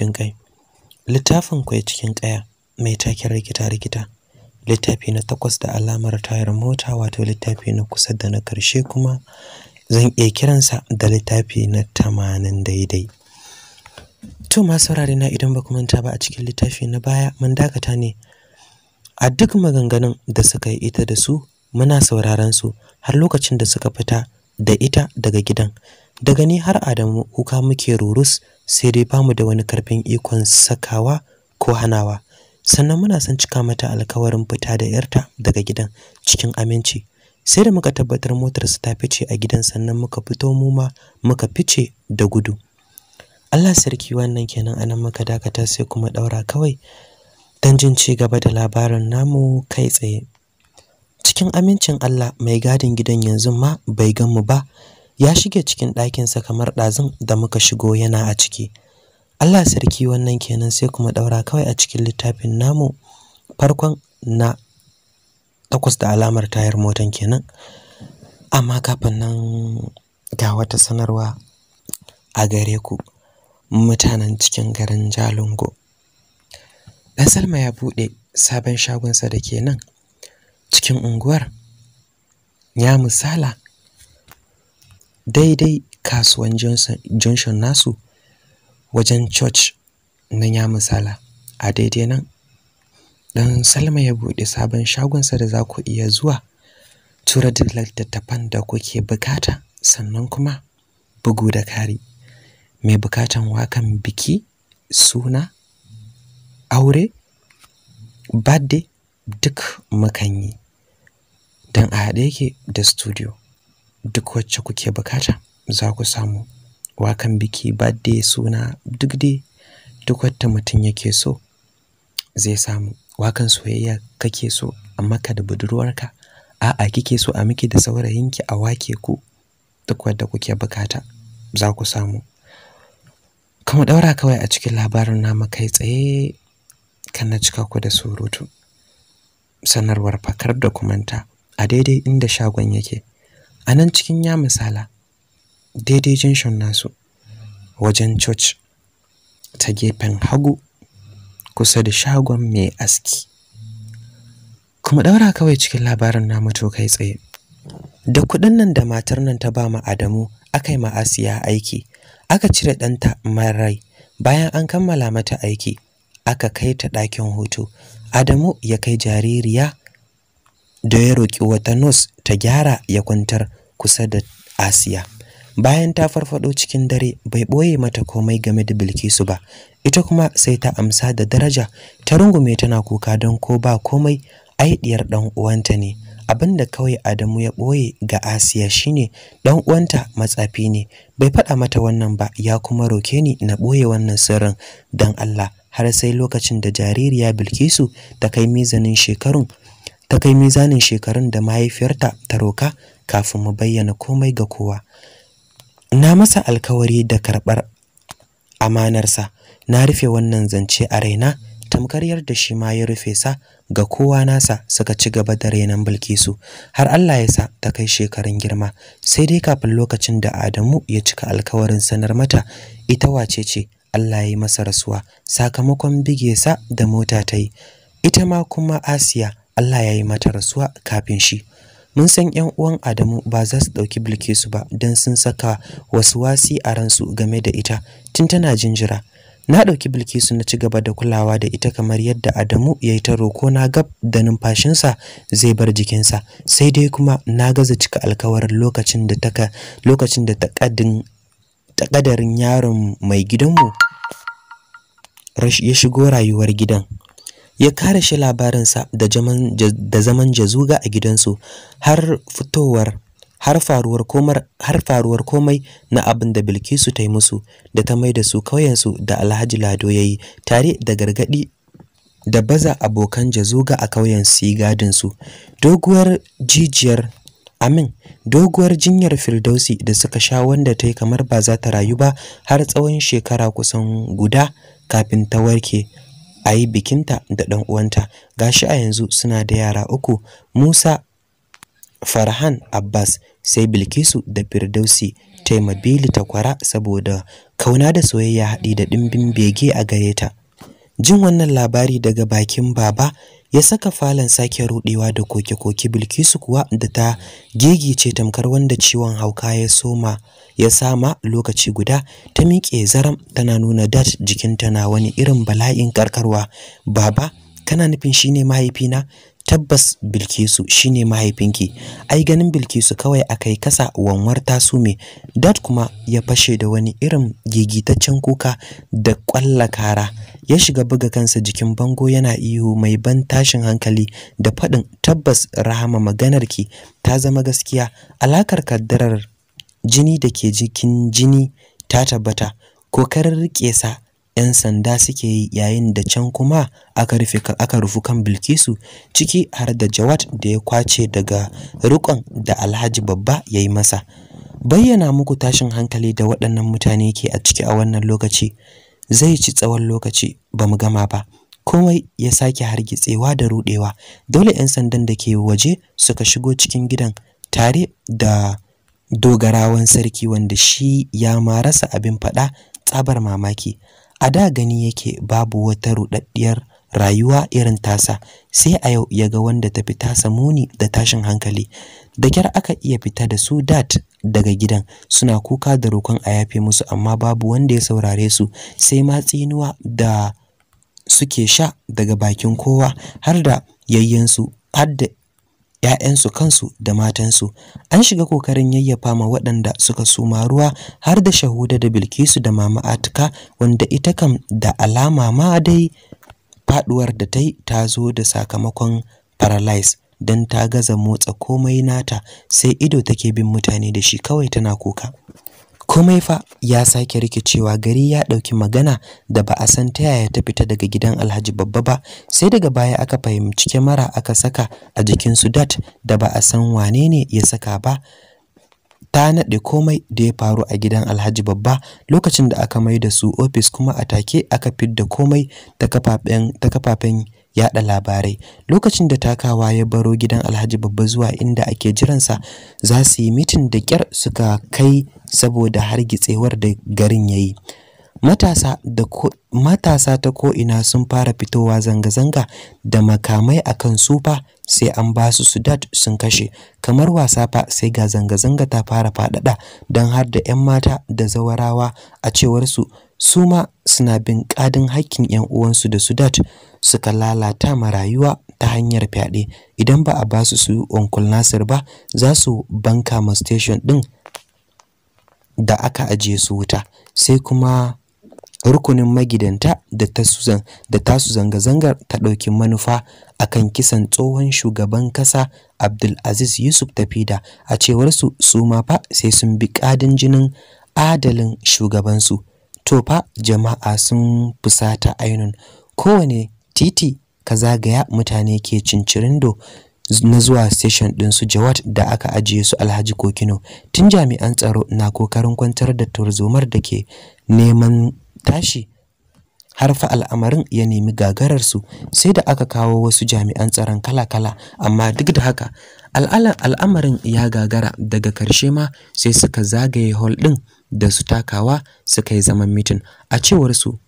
jin kai littafin kwai cikin kaya mai taken rikita rikita littafi na takwas da alamar tayar mota wato littafi na kusa da na karshe kuma zan iya kiransa da littafi na tamanin daidai to ma saurari na idan ba manta ba a cikin littafi na baya mun dakata ne a duk maganganun da suka yi ita da su muna sauraron su har lokacin da suka fita da ita daga gidan daga ni har Adamu kuka muke rurus sai dai bamu da wani karfin ikon sakawa ko hanawa sannan muna son cika mata alkawarin fita da yarta daga gidan cikin aminci sai da muka tabbatar motar su ta fice a gidan sannan muka fito mu ma muka fice da gudu Allah sarki wannan kenan anan muka dakata sai kuma daura kawai dan jin ci gaba da labarin namu kai tsaye cikin amincin Allah mai gadin gidan yanzu ma bai gan mu ba ya shige cikin ɗakinsa kamar ɗazun da muka shigo yana a ciki Allah sarki wannan kenan sai kuma ɗaura kawai a cikin littafin namu farkon na takwas da alamar tayar motan kenan amma kafin nan ga wata sanarwa a gare ku mutanen cikin garin Jalingo Dan Salma ya buɗe sabon shagonsa da ke nan cikin unguwar ya misala daidai kasuwan junction nasu wajen church na ya misala a daidai nan dan salma ya buɗe sabon shagonsa da za ku iya zuwa tura da littattafan da kuke bukata sannan kuma bugu da kari mai bukatan wakan biki suna aure birthday duk mukan yi don a haɗe yake da studio duk wacce kuke bukata za ku samu wakan biki birthday suna duk dai duk wata mutum yake so zai samu wakan soyayya kake so a maka da budurwarka a'a kike so a miki da saurayinki a wake ku duk wadda kuke bukata za ku samu kama daura kawai a cikin labarin nama kai tsaye kan na cika ku da surutu sanarwar fakar da kumanta a daidai inda shagon yake a nan cikin ya misala daidai jinshin nasu wajen church ta gefen hagu kusa da shagon mai aski kuma daura kawai cikin labarin na mato kai tsaye da kuɗin nan da matar nan ta ba mu Adamu aka yi ma'asiya aiki aka cire ɗanta marai bayan an kammala mata aiki aka kai ta ɗakin hutu Adamu ya kai jaririya da ya roƙi wata nos ta gyara ya kwantar kusa da Asiya. Bayan ta farfado cikin dare bai boye mata komai game da Bilkisu ba, ita kuma sai ta amsa da daraja ta rungume tana kuka don ko ba komai ai diyar dan uwanta ne. Abinda kawai Adamu ya boye ga Asiya shine dan uwanta matsafi ne. Bai faɗa mata wannan ba ya kuma roke ni na boye wannan sirrin dan Allah har sai lokacin da jaririya Bilkisu ta kai mizanin shekarun ta kai mizanin shekarun da mahaifiyarta ta roka kafin mu bayyana komai ga kowa na masa alkawari da karɓar amanarsa na rufe wannan zance a raina tamkar yadda shi ma ya rufe sa ga kowa nasa suka ci gaba da rainan Bilkisu har Allah ya sa ta kai shekarun girma sai dai kafin lokacin da Adamu ya cika alkawarin sanar mata ita wace ce Allah ya yi masa rasuwa sakamakon bige sa da mota ta yi ita ma kuma Asiya Allah ya yi mata rasuwa kafin shi mun san 'yan uwan Adamu ba za su ɗauki Bilkisu ba dan sun saka wasu wasi a ransu game da ita tun tana jinjira. Na ɗauki Bilkisu na ci gaba da kulawa da ita kamar yadda Adamu ya yi ta roko na gab da numfashinsa zai bar jikinsa sai dai kuma na gaza cika alkawarin lokacin da taka lokacin da takadin takadarin yaron mai gidanmu ya shigo rayuwar gidan ya kare shi labarinsa da zaman jazuga a gidansu har fitowar har faruwar komai na abin da Bilkisu ta yi musu da ta mai da su kauyensu da Alhaji Lado yayi tare da gargaɗi da baza abokan jazuga a kauyen sigadinsu su doguwar jijiyar Amin doguwar jinyar Firdausi da suka sha wanda ta yi kamar ba za ta rayu ba har tsawon shekara kusan guda kafin ta warke a yi bikinta da ɗan uwanta gashi a yanzu suna da yara uku Musa Farhan Abbas sai Bilkisu da Firdausi taimabili ta kwara saboda kauna da soyayya haɗi da ɗimbin bege a gare jin wannan labari daga bakin baba ya saka falon sake rudewa da koke-koke bilkisu kuwa da ta gegice tamkar wanda ciwon hauka ya soma ya sama lokaci guda ta miƙe zaram tana nuna dat jikinta na wani irin bala'in karkarwa baba kana nufin shine mahaifina tabbas Bilkisu shine mahaifinki ai ganin Bilkisu kawai akai kasa wanwar sume. Dat kuma ya fashe da wani irin gigitaccen kuka da kwalla kara ya shiga buga kansa jikin bango yana ihu mai ban tashin hankali da fadin tabbas rahama maganar ki? ta zama gaskiya alakar kaddarar jini da ke jikin jini ta tabbata kokarin riƙe sa 'yan sanda suke yi yayin da can kuma aka rufu kan Bilkisu ciki har da Jawad da ya kwace daga rukon da Alhaji Babba ya yi masa. Bayyana muku tashin hankali da waɗannan mutane ke a ciki a wannan lokaci zai ci tsawon lokaci ba mu gama ba. Komai ya sake hargitsewa da rudewa. Dole 'yan sandan da ke waje suka shigo cikin gidan tare da dogarawan sarki wanda shi ya ma rasa abin faɗa tsabar mamaki a da gani yake babu wata ruɗaɗɗiyar rayuwa irin tasa sai a yau ya ga wanda tafi tasa muni da tashin hankali da kyar aka iya fita da su dat daga gidan suna kuka da roƙon a yafe musu amma babu wanda ya saurare su sai ma tsinuwa da suke sha daga bakin kowa har da yayyensu har da ‘ya'yansu kansu da matansu an shiga kokarin yayyafa ma waɗanda suka suma ruwa har da shahuda da bilkisu da mama atika wanda ita kam da alama ma dai faɗuwar da ta yi ta zo da sakamakon paralyze don ta gaza motsa komai nata sai ido take bin mutane da shi kawai tana kuka komai fa ya sake rikicewa gari ya dauki magana da ba a san ta yaya ta fita daga gidan alhaji babba ba sai daga baya aka fahimci kyamara aka saka a jikin sudat da ba a san wane ne ya saka ba ta naɗe komai da ya faru a gidan alhaji babba lokacin da aka mai da su ofis kuma a take aka fidda komai ta kafafen yada labarai lokacin da takawa ya baro gidan Alhaji Babba zuwa inda ake jiransa za su yi mitin da kyar suka kai saboda hargitsewar da garin yayi matasa da matasa ta ko ina sun fara fitowa zanga-zanga da makamai akan sufa sai an ba su sudat sun kashe kamar wasa fa sai ga zanga-zanga ta fara faɗaɗa don har da 'yan mata da zawarawa a cewar su Suma suna bin ƙadin haƙƙin 'yan uwansu da Sudat suka lalata ma rayuwa ta hanyar fyaɗe idan ba a ba su su Onkul Nasir ba za su banka ma station ɗin da aka ajiye su wuta sai kuma rukunin magidanta da tasu da zanga-zangar ta ɗauki manufa a kan kisan tsohon shugaban kasa Abdulaziz Yusuf Tafida a cewarsu su su ma fa sai sun bi ƙadin jinin adalin shugabansu to fa jama'a sun fusata ainun kowane titi ka zagaya mutane ke cincirindo na zuwa station din su Jawad da aka ajiye su Alhaji Kokino tun jami'an tsaro na kokarin kwantar da turzumar da ke neman tashi har fa al'amarin ya nemi gagarar su sai da aka kawo wasu jami'an tsaron kala-kala amma duk da haka al'amarin ya gagara daga karshe ma sai suka zagaye hall din da su takawa suka yi zaman mitin a cewar su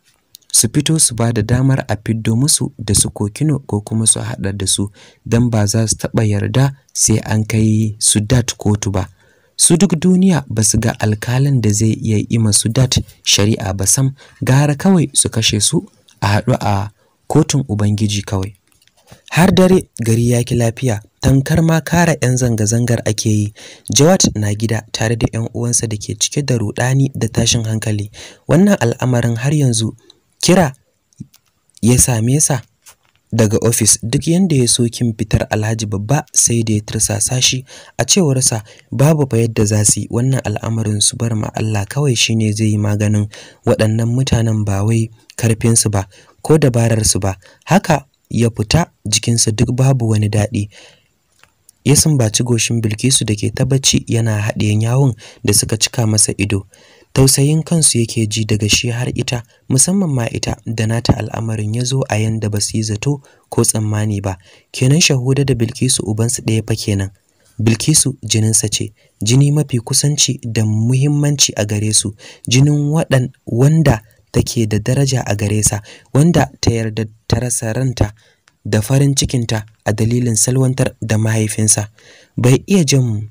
su fito su ba da damar a fiddo musu da su kokino ko kuma su haɗa da su don ba za su taɓa yarda sai an kai su dat kotu ba su duk duniya ba su ga alkalin da zai iya yi ma dat shari'a ba sam gara kawai su kashe su a haɗu a kotun ubangiji kawai har dare gari ya ki lafiya tankar ma kara 'yan zanga-zangar ake yi jawat na gida tare da 'yan uwansa da ke cike da rudani da tashin hankali wannan al'amarin har yanzu kira ya same sa daga ofis duk yadda ya so kin fitar Alhaji babba sai da ya tursasa shi a cewarsa babu fa yadda za su yi wannan al'amarin su bar ma Allah kawai shine zai yi maganin waɗannan mutanen ba wai karfin ba ko dabararsu ba haka ya fita jikinsa duk babu wani daɗi ya sumbaci goshin Bilkisu da ke tabbaci yana haɗe yawon da suka cika masa ido tausayin kansu yake ji daga shi har ita musamman ma ita da nata al'amarin ya zo a yanda ba su yi zato ko tsammani ba kenan shahuda da Bilkisu ubansu ɗaya fa kenan Bilkisu jininsa ce jini mafi kusanci da muhimmanci a gare su jinin waɗan wanda take da daraja a gare sa wanda ta yarda ta rasa ranta da farin cikinta a dalilin salwantar da mahaifinsa bai iya jin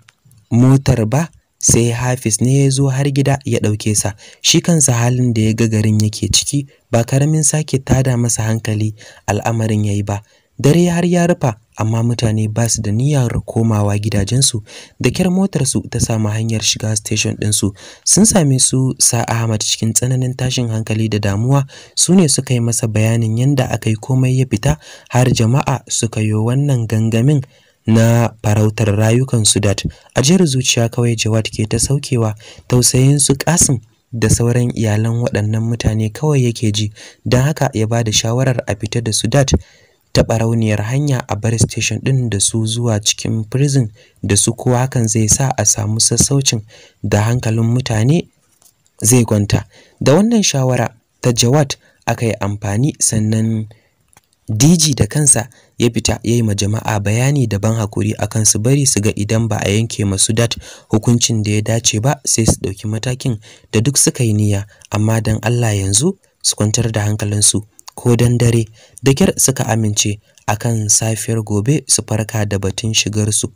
motar ba sai Hafiz ne ya zo har gida ya ɗauke sa shi kansa halin da ya ga garin yake ciki ba karamin sake tada masa hankali al'amarin yayi ba dare har ya rufa amma mutane ba su da niyyar komawa gidajensu da kyar motarsu ta samu hanyar shiga station ɗinsu sun same su sa ahmad cikin tsananin tashin hankali da damuwa su ne suka yi masa bayanin yadda aka yi komai ya fita har jama'a suka yi wannan gangamin na farautar rayukan Sudat. Ajiyar zuciya kawai Jawad ke ta saukewa tausayin su Kasim da sauran iyalan waɗannan mutane kawai yake ji, don haka ya ba da shawarar a fita da Sudat Taɓa rauniyar hanya a bar station ɗin da su zuwa cikin prison da su kowa hakan zai sa a samu sassaucin da hankalin mutane zai kwanta da wannan shawara ta Jawad aka yi amfani sannan DG da kansa ya fita ya yi ma jama'a bayani da ban hakuri akan su bari su ga idan ba a yanke masu dat hukuncin da ya dace ba sai su ɗauki matakin da duk suka yi niyya amma don Allah yanzu su kwantar da hankalinsu ko dan dare da kyar suka amince akan safiyar gobe su farka da batun shigar su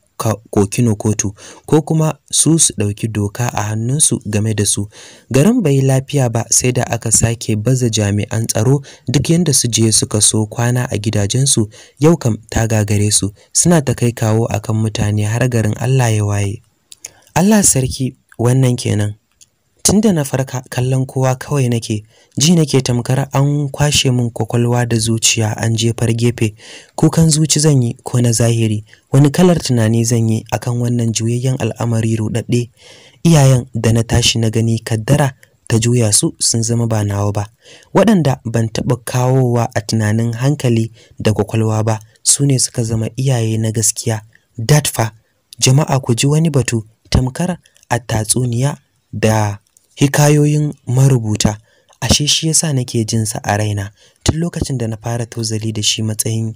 kokino kotu ko kuma su su ɗauki doka a hannunsu game da su garin bai lafiya ba sai da aka sake baza jami'an tsaro duk yadda su je suka so kwana a gidajensu yau kam ta gagare su suna ta kai kawo akan mutane har garin allah ya waye allah sarki wannan kenan da na farka kallon kowa kawai nake ji nake tamkar an kwashe min kwakwalwa da zuciya an jefar gefe kukan zuci zan yi ko na zahiri wani kalar tunani zan yi akan wannan juyayyen al'amari rudadde iyayen da na tashi na gani kaddara ta juya su sun zama ba nawa ba waɗanda ban taɓa kawowa a tunanin hankali da kwakwalwa ba su ne suka zama iyaye na gaskiya datfa jama'a ku ji wani batu tamkar a tatsuniya da hikayoyin marubuta ashe shi yasa nake jin sa a raina tun lokacin da na fara tozali da shi matsayin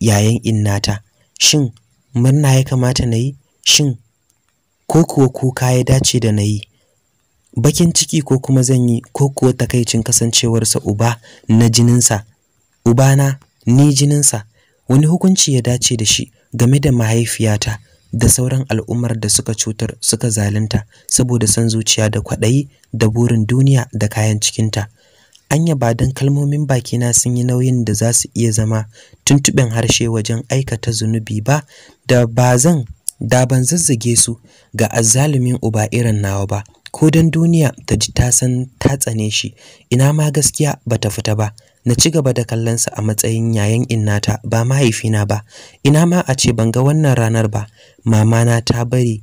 yayan innata shin murna ya kamata na yi shin ko kuwa kuka ya dace da na yi bakin ciki ko kuma zan yi ko kuwa takaicin kasancewarsa uba na jininsa ubana ni jininsa wani hukunci ya dace da shi game da mahaifiyata da sauran al'ummar da suka cutar suka zalunta saboda son zuciya da kwaɗayi da burin duniya da kayan cikinta anya ba don kalmomin bakina sun yi nauyin da za su iya zama tuntuɓin harshe wajen aikata zunubi ba da ba zan da ban zazzage su ga azzalumin uba irin nawa ba ko don duniya ta ji ta san ta tsane shi ina ma gaskiya bata fita ba na ci gaba da kallonsa a matsayin yayan innata ba mahaifina ba ina ma a ce ban ga wannan ranar ba mamana ta bari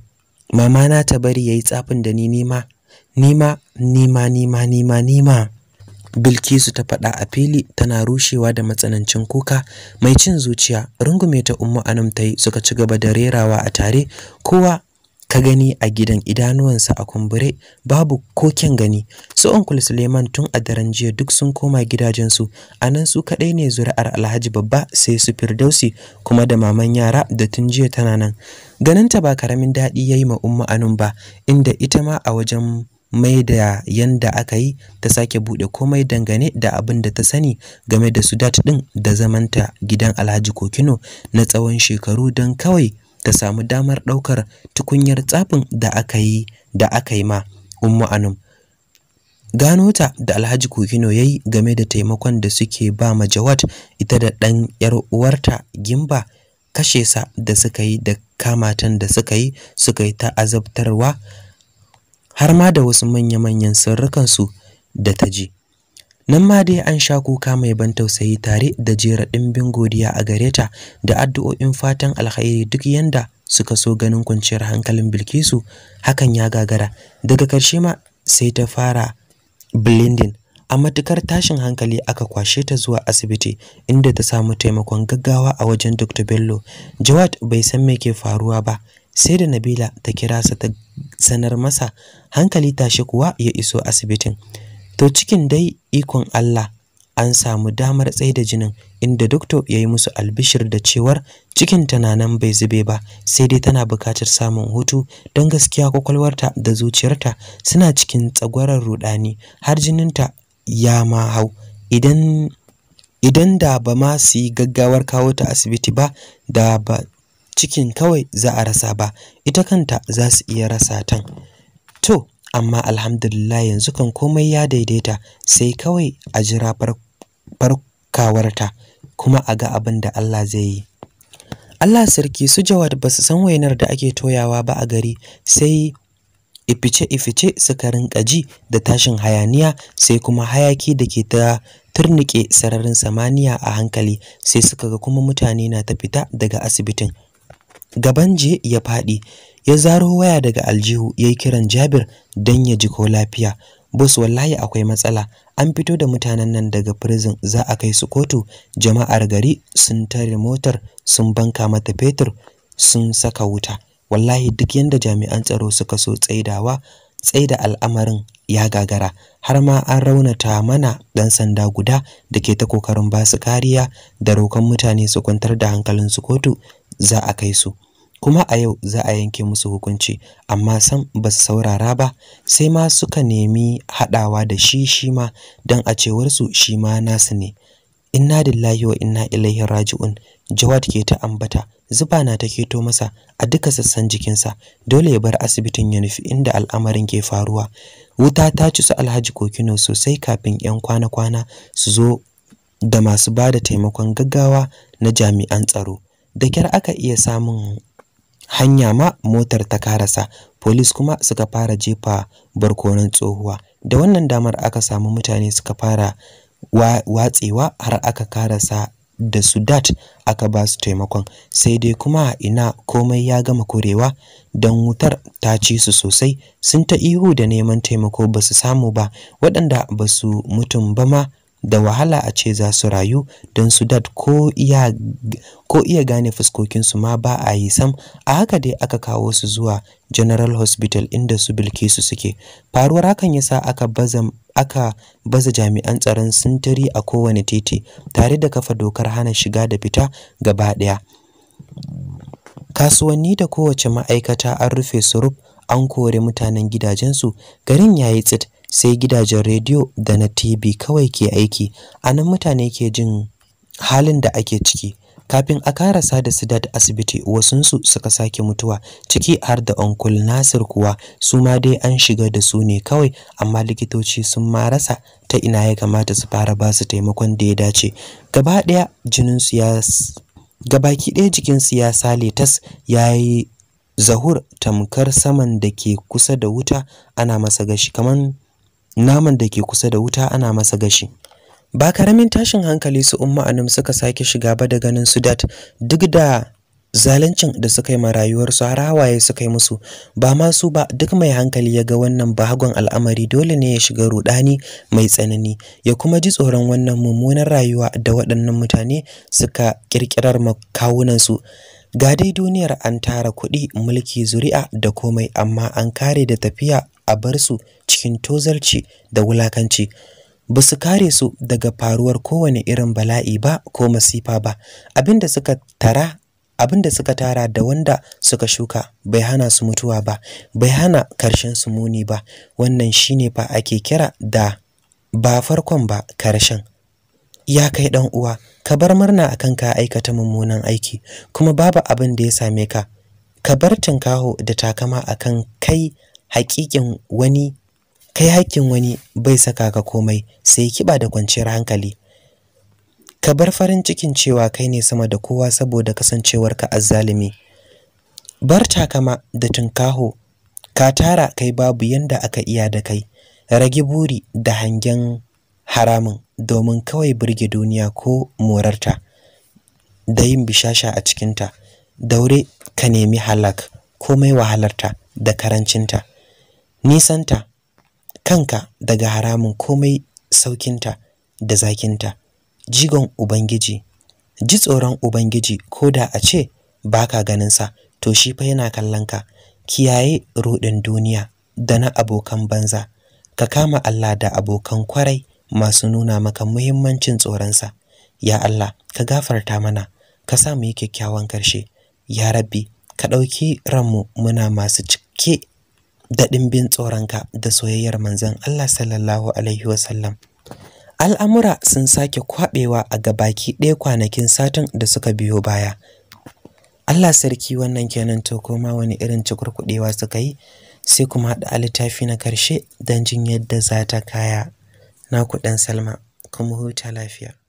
ya ta yayi tsafin da ni nima nima nima nima nima nima Bilkisu ta faɗa a fili tana rushewa da matsanancin kuka mai cin zuciya rungume ta Ummu Anum ta suka ci gaba da rerawa a tare kowa ka gani a gidan idanuwansa a kumbure babu koken gani su uncle Suleiman tun a daren jiya duk sun koma gidajensu a nan su kaɗai ne zuri'ar Alhaji babba sai su Firdausi kuma da maman yara da tun jiya tana nan ganinta ba karamin daɗi ya yi ma umma anun ba inda ita ma a wajen mai da yanda aka yi ta sake buɗe, komai dangane da abin da ta sani game da su Sudat ɗin da zamanta gidan Alhaji Kokino na tsawon shekaru don kawai ta samu damar ɗaukar tukunyar tsafin da aka yi da aka yi ma Ummu Anum. Gano ta da Alhaji Kokino ya game da taimakon da suke ba ma Jawad ita da ɗan ‘yar uwarta Gimba kashe sa da suka yi da kamatan da suka yi suka yi ta azabtarwa har ma da wasu manya-manyan sirrukansu da ta ji. nan ma dai an sha kuka mai ban tausayi tare da jera ɗimbin godiya a gare ta da addu'o'in fatan alkhairi duk yanda suka so ganin kwanciyar hankalin Bilkisu hakan ya gagara daga ƙarshe ma sai ta fara blending a matukar tashin hankali aka kwashe ta zuwa asibiti inda ta samu taimakon gaggawa a wajen Dr. Bello Jawad bai san me ke faruwa ba sai da Nabila ta kira sa ta sanar masa hankali tashi kuwa ya iso asibitin to cikin dai ikon Allah an samu damar tsaida jinin inda doctor ya yi musu albishir da cewar cikin nan bai zube ba sai dai tana buƙatar samun hutu don gaskiya kwakwalwarta da zuciyarta suna cikin tsagwarar rudani har jininta ya ma hau idan idan da ba ma su yi gaggawar kawo ta asibiti ba da ba cikin kawai za a rasa ba ita kanta za su iya rasa tan to amma alhamdulillah yanzu kan komai ya daidaita sai kawai a jira farkawarta kuma a ga abin da Allah zai yi Allah sarki su Jawad ba su san wainar da ake toyawa ba a gari sai ifice-ifice suka rinka ji da tashin hayaniya sai kuma hayaki da ke ta turnike sararin samaniya a hankali sai suka ga kuma mutane na ta fita daga asibitin gaban je ya faɗi ya zaro waya daga aljihu ya yi kiran jabir don ya ji ko lafiya bus wallahi akwai matsala an fito da mutanen nan daga prison za a kai su kotu jama'ar gari sun tare motar sun banka mata fetur sun saka wuta wallahi duk yanda jami'an tsaro suka so tsaidawa tsaida al'amarin ya gagara har ma an raunata mana dan sanda guda da ke ta kokarin basu kariya da roƙon mutane su kwantar da hankalin su kotu za a kai su kuma a yau za a yanke musu hukunci amma sam ba su saurara ba sai ma suka nemi haɗawa da shi shi ma don a cewarsu shi ma nasu ne inna lillahi wa inna ilaihi raji'un jawad ke ta ambata zuba na ta keto masa a duka sassan jikinsa dole ya bar asibitin ya nufi inda al'amarin ke faruwa wuta ta ci su alhaji kokino sosai kafin 'yan kwana-kwana su zo da masu ba da taimakon gaggawa na jami'an tsaro da kyar aka iya samun hanya ma motar ta karasa polis kuma suka fara jefa barkonon tsohuwa da wannan damar aka samu mutane suka fara watsewa har aka karasa da su dat aka ba su taimakon sai dai kuma ina komai ya gama korewa don wutar ta ci su sosai sun ta ihu da neman taimako ba su samu ba waɗanda ba su mutum ba ma da wahala a ce za su rayu don su dad ko iya gane fuskokinsu ma ba a yi sam a haka dai aka kawo su zuwa general hospital inda su bilkisu suke faruwar hakan yasa aka baza aka baza jami'an tsaron sintiri a kowane titi tare da kafa dokar hana shiga da fita gaba ɗaya kasuwanni da kowace ma'aikata an rufe su an kore mutanen gidajensu garin yayi tsit sai gidajen rediyo da na TV kawai ke aiki anan mutane ke jin halin da ake ciki kafin a karasa da su dat asibiti wasunsu suka sake mutuwa ciki har da onkul nasir kuwa su ma dai an shiga da su ne kawai amma likitoci sun ma rasa ta ina ya kamata su fara ba su taimakon da ya dace gaba ɗaya jininsu ya gabaki ɗaya jikinsu ya sale tas ya yi zahur tamkar saman da ke kusa da wuta ana masa gashi kaman naman da ke kusa da wuta ana masa gashi ba karamin tashin hankali su umma anum suka sake shiga ba da ganin Sudat duk da zalancin da suka yi ma su har hawaye suka yi musu ba ma su ba duk mai hankali ya ga wannan bahagon al'amari dole ne ya shiga rudani mai tsanani ya kuma ji tsoron wannan mummunar rayuwa da waɗannan mutane suka kirkirar makawunansu ga dai duniyar an tara kuɗi mulki zuri'a da komai amma an kare da tafiya a bar su cikin tozarci da wulakanci ba su kare su daga faruwar kowane irin bala'i ba ko masifa ba abinda suka tara abinda suka tara da wanda suka shuka bai hana su mutuwa ba bai hana karshen su muni ba wannan shine fa ake kira da ba farkon ba karshen ya kai dan uwa ka bar murna akan ka aikata mummunan aiki kuma babu abin da ya same ka ka bar tinkaho da takama akan kai haƙiƙin wani kai haƙƙin wani bai saka ka komai sai kiba da kwanciyar hankali ka bar farin cikin cewa kai ne sama da kowa saboda kasancewar ka azzalumi bar takama da tunkaho ka tara kai babu yanda aka iya da kai rage buri da hangen haramun domin kawai burge duniya ko morarta da yin bishasha a cikinta daure ka nemi halak komai wahalarta da karancinta nisanta kanka daga haramun komai saukinta da zakinta jigon ubangiji ji tsoron ubangiji ko da a ce baka ganinsa to shi fa yana kallon ka. kiyaye ruɗin duniya da na abokan banza ka kama Allah da abokan kwarai masu nuna maka muhimmancin tsoronsa ya Allah ka gafarta mana ka sa mu yi kyakkyawan karshe ya rabbi ka ɗauki ranmu muna masu cike da bin tsoronka da soyayyar manzon Allah sallallahu alaihi wasallam al'amura sun sake kwaɓewa a gabaki ɗaya kwanakin satin da suka biyo baya Allah sarki wannan kenan to koma wani irin cikurkuɗewa suka yi sai kuma haɗa a littafi na karshe don jin yadda za ta kaya na kuɗin salma kuma huta lafiya